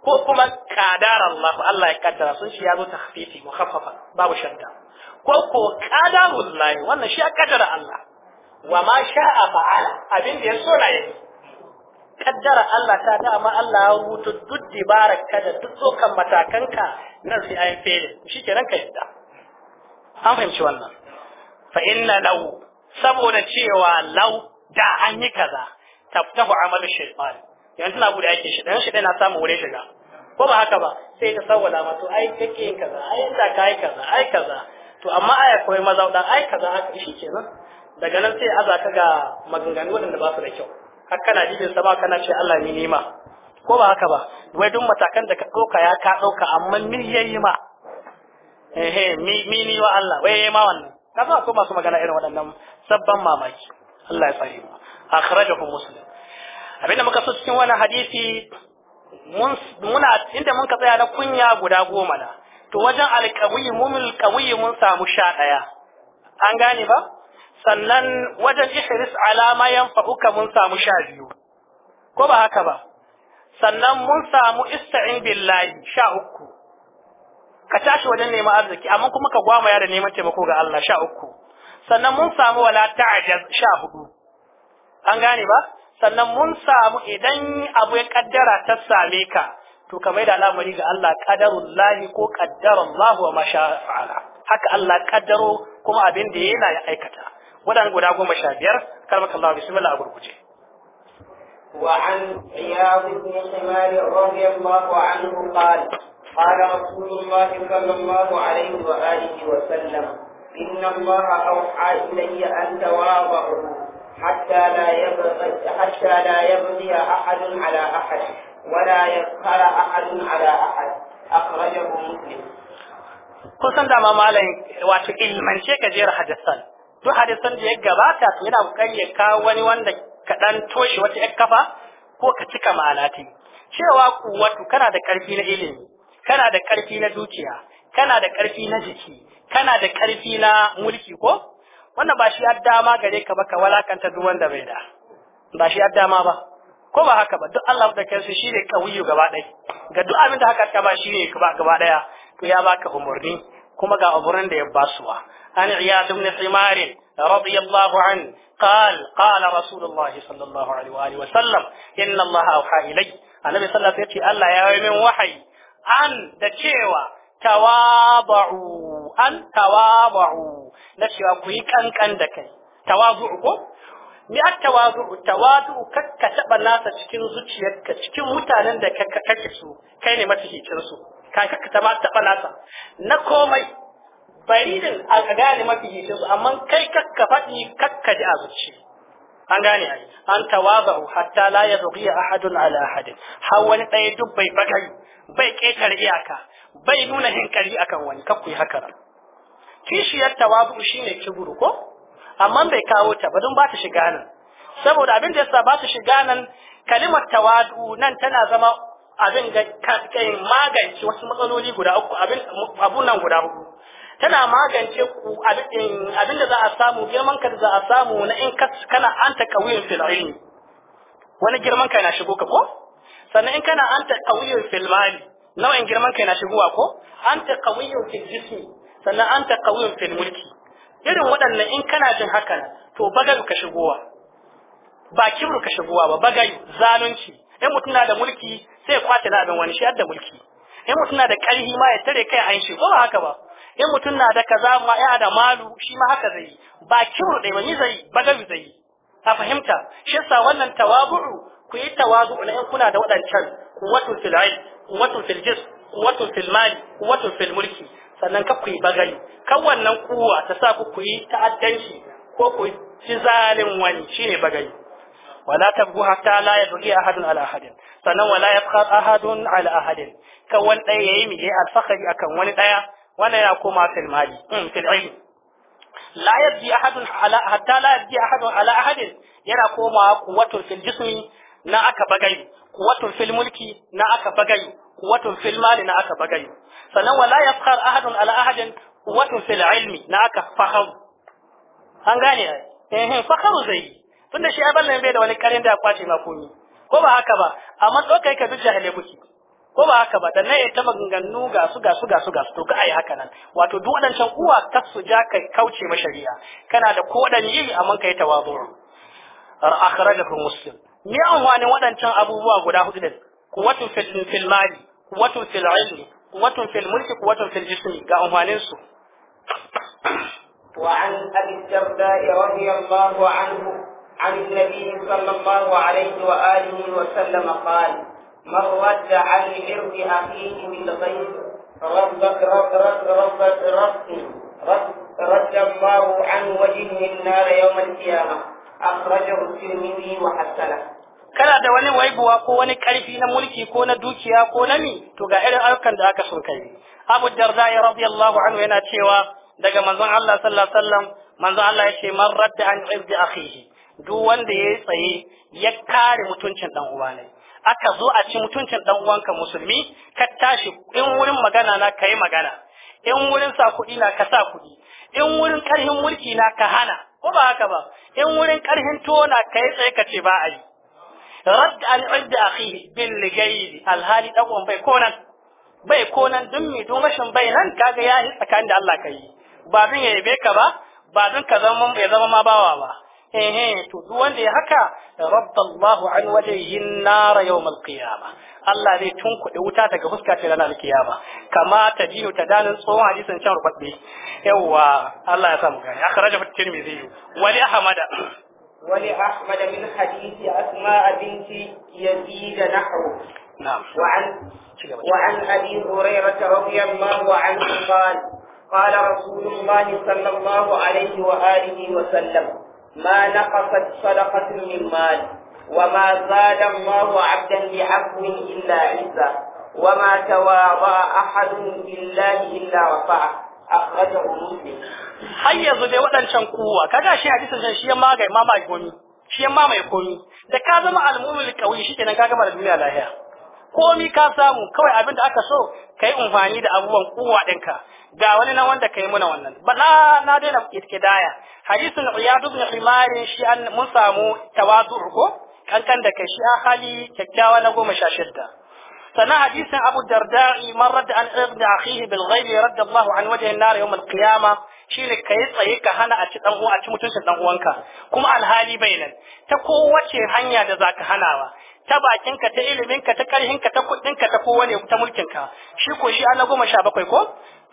ko kuma kadara Allah ya kaddara sun shi ya zo tahfifi mukhaffafa babu shadda ko ko qadarul wannan shi ya kaddara Allah wa ma sha'a fa'ala abin da ya so na yi kaddara Allah ta ma Allah ya rubuta duk dibararka da duk tsokan ka na sai ayin fere shi ke ka yadda an fahimci wannan fa inna law saboda cewa lau da an yi kaza taftahu amalu shaytan yanzu na bude yake shi dan shi na samu wurin shiga ko ba haka ba sai ka sawala ma to ai kake yin kaza ai da kai kaza ai kaza to amma aya koyi maza dan ai kaza haka shi kenan daga nan sai aza ka ga maganganu waɗanda ba su da kyau har kana jibin sa ba kana ce Allah ni nima. ko ba haka ba wai duk matakan da ka ɗauka ya ka ɗauka amma min yayi ma ehe mi mi ni wa Allah wai yayi ma wannan na ba ko masu magana irin waɗannan sabban mamaki Allah ya tsare mu akhrajahu muslim abinda muka so cikin wannan hadisi muna inda mun ka tsaya na kunya guda goma na to wajen alƙawi mumul ƙawi mun samu sha ɗaya an gane ba sannan wajen ihris alama yanfa'uka mun samu sha biyu ko ba haka ba sannan mun samu ista'in billahi sha uku ka tashi wajen neman arziki amma kuma ka ya da neman taimako ga Allah sha uku sannan mun samu wala ta'jaz sha hudu an gane ba sannan mun samu idan abu ya kaddara ta same ka to ka maida al'amari ga Allah qadarullahi ko qaddarallahu wa masha'a haka Allah kaddaro kuma abin da yana ya aikata waɗannan guda goma sha biyar kalmakallah bismillah a gurguje وعن عياض بن حمار رضي الله عنه قال قال رسول الله صلى الله عليه وآله وسلم إن الله أوحى إلي أن تواضعوا حتى لا يبغي حتى لا يبغي أحد على أحد ولا يسخر أحد على أحد أخرجه مسلم kun san dama malam wato ilmance gajiyar hadisan to hadisan da ya gabata to yana kokari ya kawo wani wanda ka dan toshe wata yar kafa ko ka cika ma'ana ta cewa kuwatu kana da karfi na ilimi kana da karfi na dukiya kana da karfi na jiki kana da karfi na mulki ko wannan ba shi ya dama gare ka ba ka walakanta duk wanda bai da ba shi ya dama ba ko ba haka ba duk Allah da kansa shi ne kawiyu gaba ɗaya ga duk abin da haka ta ba shi ne gaba ɗaya to ya baka umurni kuma ga aburan da ya basuwa an iyad ibn himar radiyallahu an قال قال رسول الله صلى الله عليه واله وسلم ان الله اوحى الي النبي صلى الله عليه وسلم الله يا an da cewa tawaba'u an tawaba'u na cewa ku yi kankan da kai tawazu'u ko ni at tawazu'u tawazu'u kakka taba nasa cikin zuciyarka cikin mutanen da kakka kake su kai ne mata su ka ta ba ta na komai baridin a gane mafi hitin su amma kai kakka faɗi kakka ji a an gane an tawaza'u hatta la yabghi ahadun ala ahadin har wani ɗaya duk bai bagari bai ƙetar iyaka bai nuna hinkali akan wani kakku haka kishiyar shi ne kiburu ko amma bai kawo ta ba don ba ta shiga nan saboda abin da yasa ba ta shiga nan kalimar tawadu nan tana zama abin ga kai magance wasu matsaloli guda uku abin abunan guda uku tana magance ku abin da za a samu girman ka da za a samu na in kana an taqawiyul fil ilmi wani girman kai na shigo ka ko sannan in kana an taqawiyul fil mali nau'in girman kai na shigowa ko an taqawiyul fil jismi sannan an taqawiyul fil mulki irin waɗannan in kana jin haka to bagal ka shigowa ba ka shigowa ba bagal zalunci in mutum na da mulki sai ya kwace labin abin wani shi da mulki in mutum na da ƙarfi ma ya tare kai an shi ko ba haka ba in mutum na da kaza ma ya da malu shi ma haka zai ba kiru da wani zai ba bagawi zai a fahimta shi sa wannan tawabu'u ku yi tawazu na in kuna da waɗancan kuwatu fil ayi kuwatu fil jism kuwatu fil mali kuwatu fil mulki sannan ka ku yi bagali kan wannan kuwa ta sa ku ku yi ta'addanci ko ku ci zalin wani shine bagari wala tabgu hatta la yabghi ahadun ala ahadin sannan wala yabqa ahadun ala ahadin kan wani ɗaya ya yi yayi mi yayi alfakari kan wani ɗaya wannan ya koma fil mali fil ilmi la yabghi ahadun ala hatta la yabghi ahadun ala ahadin yana koma quwwatul fil jismi na aka bagayu quwwatul fil mulki na aka bagayu quwwatul fil mali na aka bagayu sannan wala yafkhar ahadun ala ahadin quwwatun fil ilmi na aka fakhar an gane eh eh zai yi. tunda shi nan bai da wani karin da kwace ma komi ko ba haka ba amma tsokai ka duk jahilai kuke ko ba haka ba dan ya taba ganganu ga su ga su ga su ga su to ga ai haka nan wato duk wadancan uwa ta su ja kai kauce ma shari'a kana da ko dan yi amma kai tawazu akhrajahu muslim me an wani wadancan abubuwa guda hudu din quwwatun fil fil mali quwwatun fil ilmi quwwatun fil mulki quwwatun fil jismi ga amfanin su وعن أبي الدرداء رضي الله عنه عن النبي صلى الله عليه وآله وسلم قال من رد عن عرض أخيه بالغيب ربك رب رب رب رب رب رد الله عن وجهه النار يوم القيامة أخرجه الترمذي وحسنه kana da wani waibuwa ko wani karfi na mulki ko na dukiya ko na mi to ga irin ayyukan da aka sun kai Abu Darda ya radiyallahu anhu yana cewa daga manzon Allah sallallahu alaihi wasallam manzon Allah ya ce man radda an irdi akhihi duk wanda ya yi tsaye ya kare mutuncin dan uwa ne aka zo a ci mutuncin dan uwanka musulmi ka tashi in wurin magana na ka yi magana in wurin sa kuɗi na ka sa kuɗi in wurin karhin mulki na ka hana ko ba haka ba in wurin karhin tuwo na ka yi tsaye ka ce ba a yi rad an udda akhihi bil ligayri alhali dan uwan bai konan bai konan dun mi don rashin bai nan kaga ya yi tsakanin da Allah ka ba don yabe ka ba ba zan ka zama ya zama ma bawa ba Eh, eh to duk wanda ya haka raddallahu an wajhihin nar yawm alqiyama Allah zai tunkuɗe wuta daga fuska ta ranar kiyama. kama ta dinu ta danin tsohon hadisin can rubabbe yawa Allah ya samu gani akhrajahu at-tirmidhi wa li ahmad wa ahmad min hadisi asma binti yazid nahru نعم وعن وعن ابي هريره رضي الله عنه قال قال رسول الله صلى الله عليه واله وسلم ما نقصت صدقة من مال وما زاد الله عبدا لعفو إلا عزة وما تواضع أحد لله إلا رفعه أخرجه مسلم har yanzu dai waɗancan kowa ga shi cikin shan shi ya magai mamaye komi shi komi da ka zama al-mu'min kawi shi kenan ka gama da duniya lahiya komi ka samu kawai abin da aka so ka yi amfani da abubuwan kowa ɗinka ga wani nan wanda ka yi muna wannan ba na na daina itkidaya hadisin ya ibn himarin shi an mun samu tawazu ko kankan da kai shi a hali kyakkyawa na goma sha shidda sannan hadisin abu Dardari marar da an ibn akhihi bil ghaibi radda Allahu an wajhi an-nar yawm shine kai tsaye ka hana a ci dan uwa a ci mutuncin dan uwanka kuma alhali bainan ta kowace hanya da zaka hanawa ta bakinka ta iliminka ta karhinka ta kudinka ta kowane ta mulkinka shi ko shi ana goma sha bakwai ko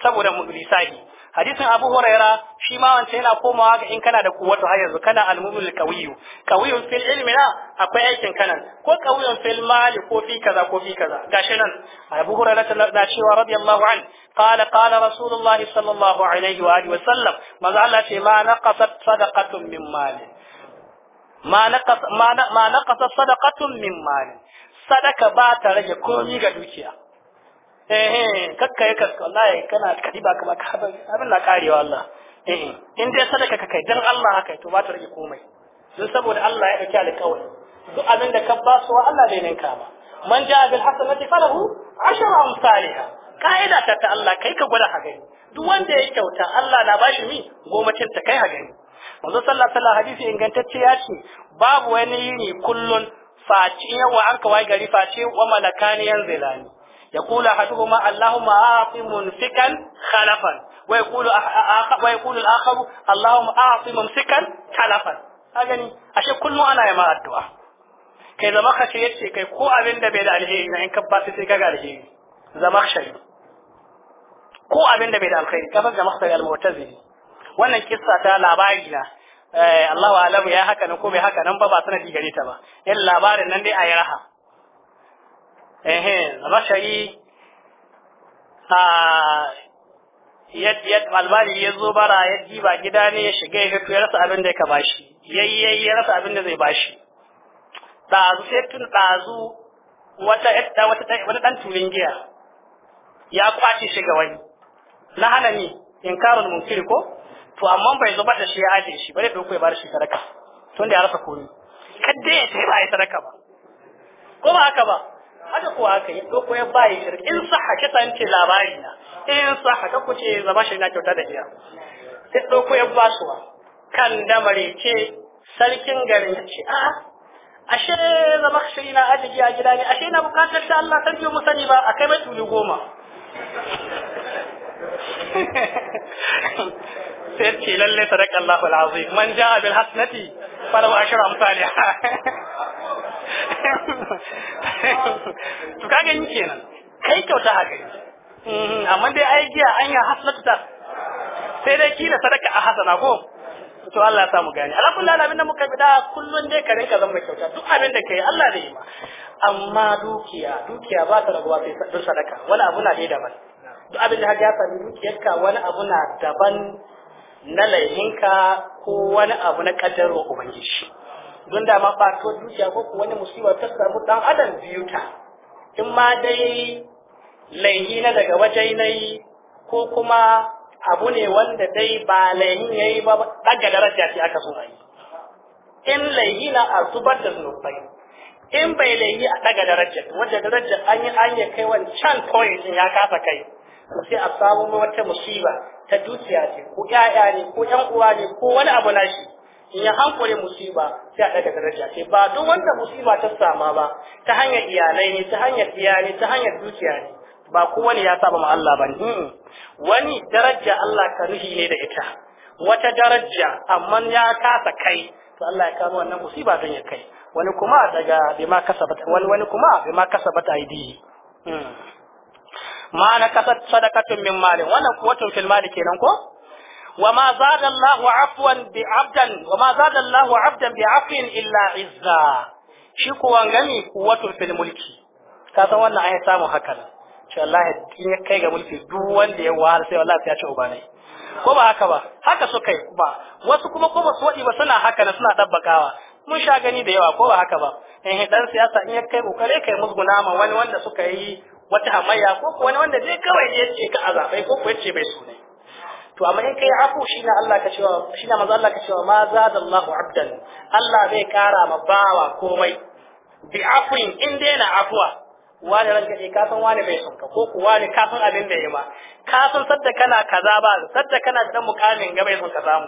saboda lisahi hadisin abu huraira shi ma wancan yana komawa ga in kana da kuwatu har yanzu kana almumul qawiyu qawiyun fil ilmi na akwai aikin kanan ko qawiyun fil mali ko fi kaza ko fi kaza gashi nan abu huraira na cewa radiyallahu an qala qala rasulullah sallallahu alaihi wa alihi wa sallam manzo Allah ce ma naqasat sadaqatun min mali ma naqasa sadakatun min mali sadaka ba ta rage komi ga dukiya Ehe, eh, kakka ya kaska wallahi kana kadiba kama ka abin na karewa Allah eh, eh in dai sadaka ka kai dan Allah haka to ba ta rage komai don saboda Allah ya dauki alƙawari duk abin da ka ba su Allah bai ninka ba man ja'a bil hasanati falahu ashara amsalha ka'ida ta ta Allah kai ka gwada ha duk wanda ya kyauta Allah na bashi mi gomacin ta kai ha manzo sallallahu alaihi hadisi ingantacce ya ce babu wani yini kullun faci in yawa anka wai gari faci wa malakani yanzilani yaqulu ahaduhuma allahumma a'ti munfikan khalafan wa yaqulu ah, ah, ah, wa yaqulu al-akhar allahumma a'ti munfikan khalafan agani ashe kullun ana yama addu'a kai zama ka ce yace kai ko abin bai da alheri na in ka ba sai ka ga alheri zama ko abin bai da alheri ka zama ka ga al-mu'tazili wannan kissa ta labari na eh, Allahu alamu ya haka nan ko bai haka nan ba ba sanadi gare ta ba in labarin nan dai a yi raha eh rashayi a yad albari ya zo bara ya diba gida ne ya shiga ya fito ya rasa abin da ya bashi yayi ya rasa abin da zai bashi dazu sai tun dazu wata wata wata dan tulin giya ya kwace shi ga wani ni. inkarul munkir ko to amma bai ba da shi ya aje shi bare ku ya bar shi sadaka tun da ya rasa kore. kadda ya tsaya ba ya sadaka ba ko ba haka ba haka ko haka ya ko ya bayi shi in saha ka san ce labari na in saha ka kuce zama shi na kyauta da iya sai ko ya basuwa kan damare ce sarkin garin ce a ashe zama shi na ajiye a gida ne ashe na bukatar ta Allah sarki mu sani ba akai mai tuli goma sai ce lalle sadaka Allahu alazim man jaa bil hasanati falahu ashru amsalha to kaga yin kenan kai kyauta haka mm-hmm. amma dai ai giya an ya hasanatu ta sai dai kila sadaka a hasana ko to Allah ya samu gani ala lana abinda da muka bida kullun dai ka rinka zama kyauta duk abin da kai Allah zai yi ma amma dukiya dukiya ba ta rabuwa sai sadaka wala abuna na dai daban duk abin da haka ya sami dukiyarka wani abu na daban na laihinka ko wani abu na kaddarwa ubangiji don da ma ba to dukiya ko wani musiba ta samu dan adam biyu ta in ma dai laihi na daga waje yi, ko kuma abu ne wanda dai ba laihin yayi ba daga daraja ce aka so a yi in laihi na a zubar da zunubai in bai laihi a daga daraja wanda daraja an yi an yi kai wancan point ya kasa kai sai a samu wata musiba ta dukiya ce ko ƴaƴa ne ko ƴan uwa ne ko wani abu na shi in ya hankure musiba sai a daga daraja sai ba duk wanda musiba ta sama ba ta hanyar iyalai ne ta hanyar iya ne ta hanyar dukiya ne ba kowane ya saba ma Allah ba ne hmm. wani daraja Allah ka ne da ita wata daraja amma ya kasa kai to Allah ya kama wannan musiba don ya kai wani kuma daga bima kasabata wani wani kuma bima kasabata ma na kasat sadakatun min malin wannan kuwatun fil mali kenan ko wa ma zada Allah afwan bi abdan wa ma zada Allah abdan bi afin illa izza shi kuwan gami kuwatun fil mulki ka san wannan ai samu hakan ce Allah ya kai ga mulki duk wanda ya wahala sai Allah ya ci ubanai ko ba haka ba haka suka yi ba wasu kuma ko ba su wadi ba suna haka na suna dabbakawa mun sha gani da yawa ko ba haka ba in eh, dan siyasa in ya kai kokare kai musguna ma wani wanda suka yi wata hamayya ko ko wani wanda zai kawai ya ce ka azabai ko ko yace bai sunai to amma in kai afu na Allah ka cewa na manzo Allah ka cewa ma zada Allahu abdan Allah zai kara ma bawa komai bi afwin in dai na afwa wani ranka ka san wani bai sunka ko ko wani san abin da ya ka san sadda kana kaza ba sadda kana da mukamin ga bai sunka samu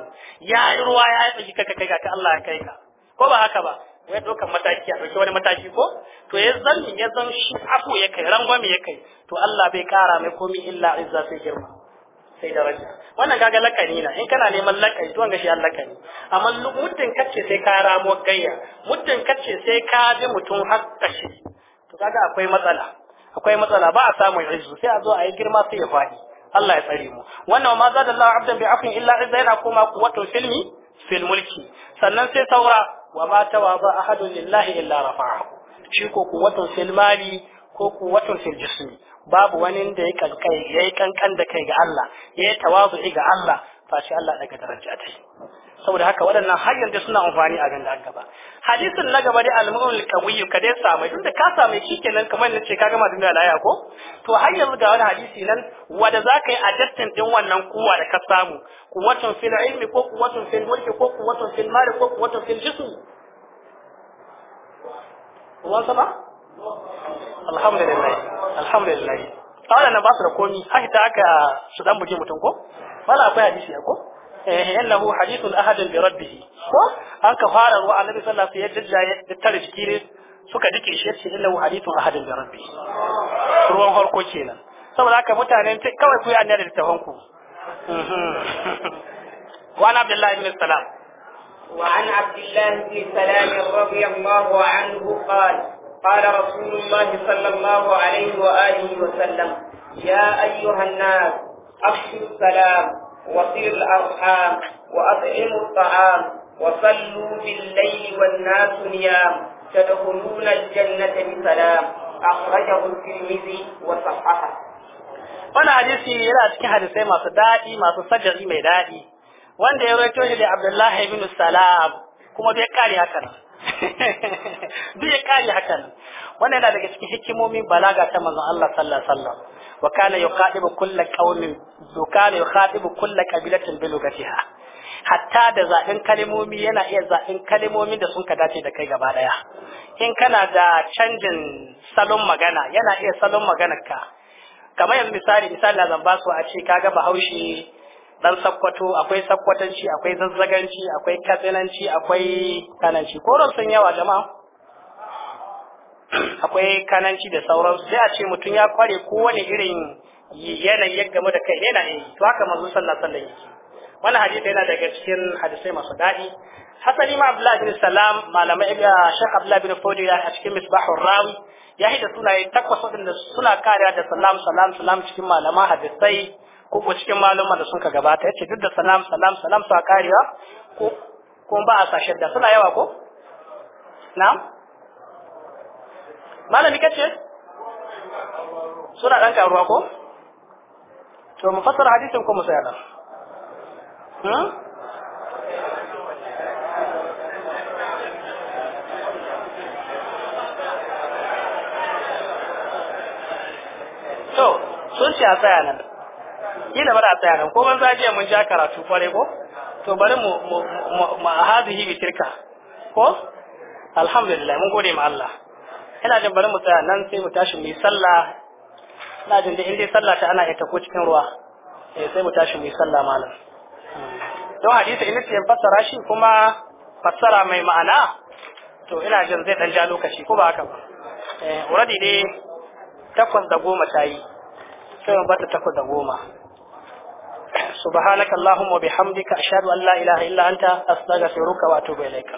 ya yi ruwa ya yi ka kai ga Allah ya kai ka ko ba haka ba wai dokan mataki a ɗauki wani mataki ko to ya zan ya zan shi afu ya kai rangwame ya kai to Allah bai kara mai komi illa izza sai girma sai daraja wannan kaga lakani na in kana neman lakani to ga shi Allah lakani amma muddin kace sai ka ramo gayya muddin kace sai ka ji mutum hakka shi to kaga akwai matsala akwai matsala ba a samu izzu sai a zo a yi girma sai ya fadi Allah ya tsare mu wannan ma zada Allah abdan bi afin illa izza yana koma kuwatul filmi fil mulki sannan sai saura wa ma tawaba ahadun lillahi illa rafa'ahu shi ko kuwatun fil mali ko kuwatun fil jismi babu wani da ya kankan yayi kankan da kai ga Allah yayi tawazu ga Allah fashi Allah daga daraja ta saboda haka waɗannan har yanzu suna amfani a ganda gaba hadisin na gaba dai al-mu'min al-qawiyyu ka dai samu tunda ka samu shikenan kamar nace ka gama dinga laya ko to har yanzu ga wani hadisi nan wanda zaka yi adjustin din wannan kuwa da ka samu quwwatun fil ilmi ko quwwatun fil mulki ko quwwatun fil mali ko quwwatun fil jism wa sama alhamdulillah alhamdulillah kawai nan ba su da komi haka ta aka su dan buge mutum ko wala akwai hadisi ko إيه، حديث أحد أنك فارا صلى الله عليه وسلم suka dike shi yace ahadin bi rabbi ruwan kenan saboda haka kawai ku yi annabi da tafanku وعن عبد الله بن السلام وعن عبد الله بن سلام رضي الله عنه قال قال رسول الله صلى الله عليه وآله وسلم يا أيها الناس أفشوا السلام وصل الأرحام وأطعموا الطعام وصلوا بالليل والناس نيام تدخلون الجنة بسلام أخرجه الترمذي وصححه wani hadisi yana cikin hadisai masu daɗi masu sajari mai daɗi wanda ya rawaito shi da Abdullahi ibn Salam kuma ya kare hakan ya kare hakan wannan yana daga cikin hikimomin balaga ta manzon Allah sallallahu alaihi wasallam وكان kana كل kulla وكان يخاطب كل yukhatibu بلغتها حتى hatta da zaɓin kalmomi yana iya zaɓin kalmomin da sun ka dace da kai gaba ɗaya in kana da canjin salon magana yana iya salon maganar ka kamar yanzu misali misali zan ba su a ce kaga bahaushe dan sakkwato akwai sakkwatanci akwai zazzaganci akwai katsinanci akwai kananci koron sun yawa jama'a akwai kananci da sauransu sai a ce mutum ya kware kowane irin yanayi ya game da kai ne na yi to haka manzo sallallahu alaihi wasallam wannan hadisi yana daga cikin hadisai masu daɗi hasali ma abdullahi bin salam malamai ga eh, shan abdullahi bin fodi a cikin misbahur rawi ya hita yi takwas waɗanda suna kariya da salam salam salam cikin malama hadisai ko ko cikin maluma da sun ka gabata yace duk da salam salam salam suna kariya ko ko ba a sashe da suna yawa ko na'am malami kace suna ɗan karuwa ko to mu fassara hadisin ko mu saya nan hmm? to sun ce a tsaya nan kila ba a tsaya nan ko ban zaje mun ja karatu kware ko to bari mu mu mu hadhihi bi ko alhamdulillah mun gode ma Allah ina jin bari mu tsaya nan sai mu tashi mu yi sallah ina jin da in dai sallah ta ana ita ko cikin ruwa eh sai mu tashi mu yi sallah malam don hadisi in ce fassara shi kuma fassara mai ma'ana to ina jin zai dan ja lokaci ko ba haka ba eh uradi ne takwas da goma ta yi sai mun bata takwas da goma سبحانك اللهم وبحمدك أشهد أن لا إله إلا أنت أستغفرك وأتوب إليك